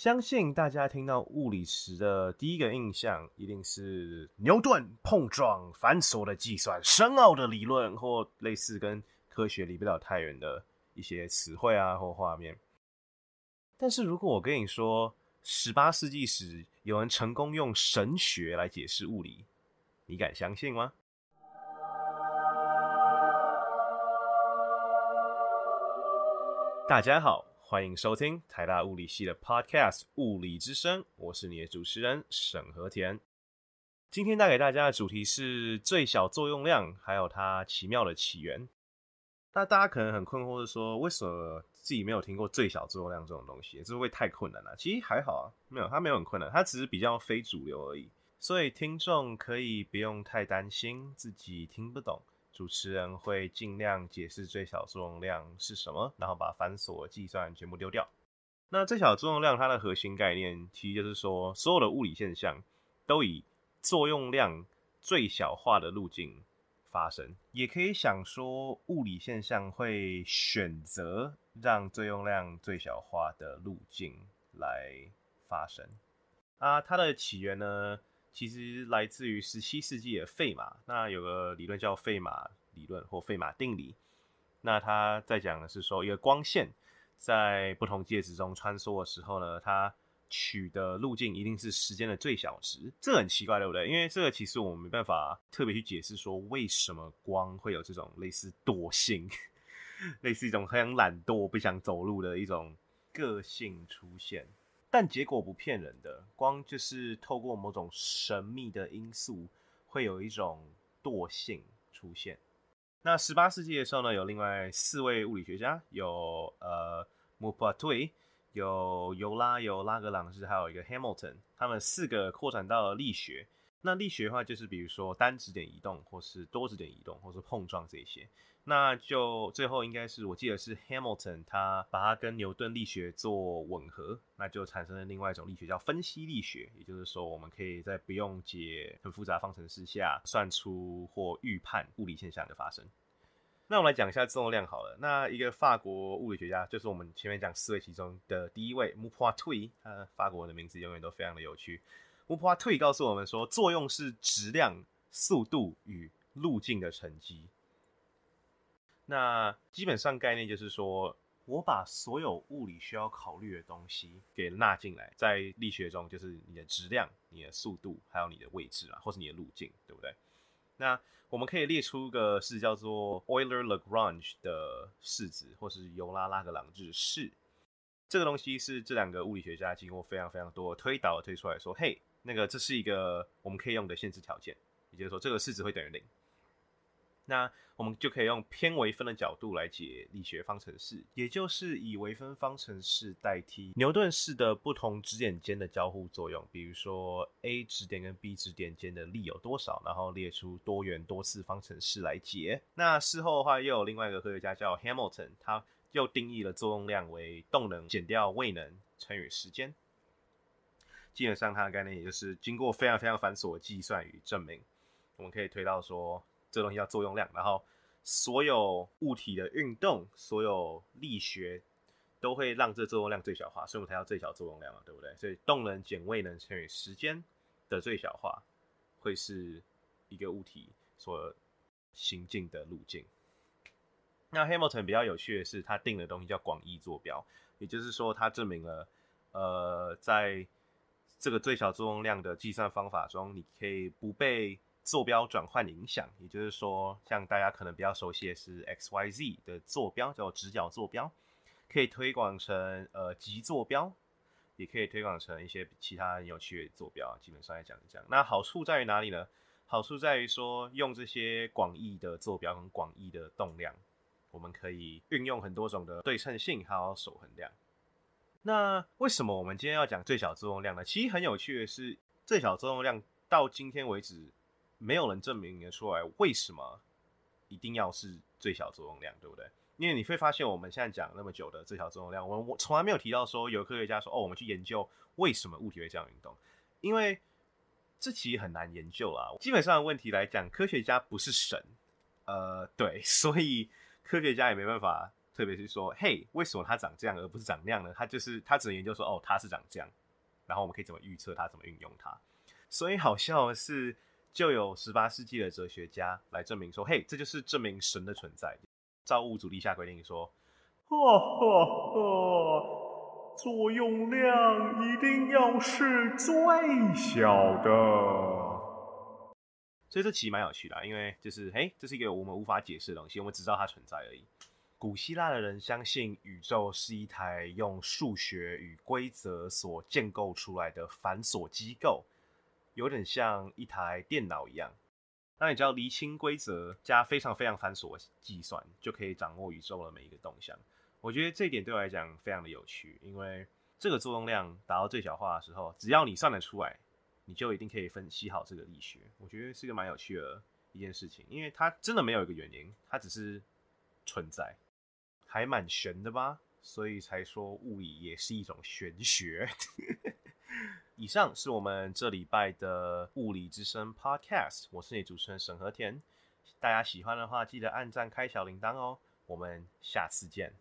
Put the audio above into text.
相信大家聽到物理時的第一個印象，一定是牛頓、碰撞、繁瑣的計算、深奧的理論，或類似跟科學離不了太遠的一些詞彙啊，或畫面。但是如果我跟你說，十八世紀時有人成功用神學來解釋物理，你敢相信嗎？大家好。歡迎收聽台大物理系的 Podcast《霧裡之聲》，我是你的主持人沈和田。今天帶給大家的主題是最小作用量，還有它奇妙的起源。那大家可能很困惑的說，為什麼自己沒有聽過最小作用量這種東西？這會不會太困難了啊？其實還好啊，沒有，它沒有很困難，它只是比較非主流而已，所以聽眾可以不用太擔心自己聽不懂。主持人會盡量解釋最小作用量是什麼，然後把繁瑣計算全部丟掉。那最小作用量它的核心概念，其實就是說，所有的物理現象都以作用量最小化的路徑發生，也可以想說，物理現象會選擇讓作用量最小化的路徑來發生。啊，它的起源呢？其實來自於十七世紀的費馬，那有個理論叫費馬理論或費馬定理。那他在講的是說，一個光線在不同介質中穿梭的時候呢，它取的路徑一定是時間的最小值。這個很奇怪，對不對？因為這個其實我們沒辦法特別去解釋說為什麼光會有這種類似惰性，類似一種很想懶惰、不想走路的一種個性出現。但結果不騙人的，光就是透過某種神秘的因素，會有一種惰性出現。那十八世紀的時候呢，有另外四位物理學家，有呃穆帕托伊，Mupatui，有尤拉，Yola，有拉格朗日，還有一個 Hamilton，他們四個擴展到了力學。那力學的話，就是比如說單質點移動，或是多質點移動，或是碰撞這些。那就最後應該是，我記得是 Hamilton 他把它跟牛頓力學做吻合，那就產生了另外一種力學叫分析力學。也就是說，我們可以在不用解很複雜方程式下，算出或預判物理現象的發生。那我們來講一下質量好了。那一個法國物理學家，就是我們前面講四位其中的第一位 Maupertuis 他法國人的名字永遠都非常的有趣。莫佩爾蒂告訴我們說，作用是質量、速度與路徑的乘積。那基本上概念就是說，我把所有物理需要考慮的東西給納進來，在力學中就是你的質量、你的速度，還有你的位置啊，或是你的路徑，對不對？那我們可以列出一個式，叫做 Euler-Lagrange 的式子，或是尤拉-拉格朗日式。這個東西是這兩個物理學家經過非常非常多推導推出來說，嘿。那個，這是一個我們可以用的限制條件，也就是說，這個式子會等於零。那我們就可以用偏微分的角度來解力學方程式，也就是以微分方程式代替牛頓式的不同質點間的交互作用，比如說 A 質點跟 B 質點間的力有多少，然後列出多元多次方程式來解。那事後的話，又有另外一個科學家叫 Hamilton，他又定義了作用量為動能減掉位能乘以時間。基本上，它的概念也就是經過非常非常繁瑣的計算與證明，我們可以推到說，這東西叫作用量，然後所有物體的運動，所有力學都會讓這作用量最小化，所以我們才叫最小作用量嘛，對不對？所以動能減位能乘以時間的最小化，會是一個物體所行進的路徑。那 Hamilton 比較有趣的是，它定的東西叫廣義坐標，也就是說，它證明了，呃，在這個最小作用量的計算方法中，你可以不被坐標轉換影響，也就是說，像大家可能比較熟悉的是 x y z 的坐標叫直角坐標，可以推廣成呃極坐標，也可以推廣成一些其他很有趣的坐標啊。基本上來講一講那好處在於哪裡呢？好處在於說用這些廣義的坐標跟廣義的動量，我們可以運用很多種的對稱性還有守恆量。那為什麼我們今天要講最小作用量呢？其實很有趣的是，最小作用量到今天為止，沒有人證明得出來為什麼一定要是最小作用量，對不對？因為你會發現，我們現在講那麼久的最小作用量，我我從來沒有提到說有科學家說，哦，我們去研究為什麼物體會這樣運動，因為這其實很難研究啦。基本上的問題來講，科學家不是神，呃，對，所以科學家也沒辦法。特別是說，嘿、hey,，為什麼它長這樣而不是長那樣呢？它就是它只能研究說，哦，它是長這樣，然後我們可以怎麼預測它，怎麼運用它。所以，好像是就有十八世紀的哲學家來證明說，嘿、hey,，這就是證明神的存在，造物主立下規定說，呵， 作用量一定要是最小的。 所以這其實蠻有趣的，因為就是，嘿、hey,，這是一個我們無法解釋的東西，我們只知道它存在而已。古希臘的人相信宇宙是一台用數學與規則所建構出來的繁瑣機構，有點像一台電腦一樣。那你只要釐清規則，加非常非常繁瑣計算，就可以掌握宇宙的每一個動向。我覺得這一點對我來講非常的有趣，因為這個作用量達到最小化的時候，只要你算得出來，你就一定可以分析好這個力學。我覺得是一個蠻有趣的一件事情，因為它真的沒有一個原因，它只是存在。還蠻玄的吧，所以才說物理也是一種玄學。 以上是我們這禮拜的物理之聲 Podcast，我是你主持人沈和田。大家喜歡的話，記得按讚開小鈴鐺哦。我們下次見。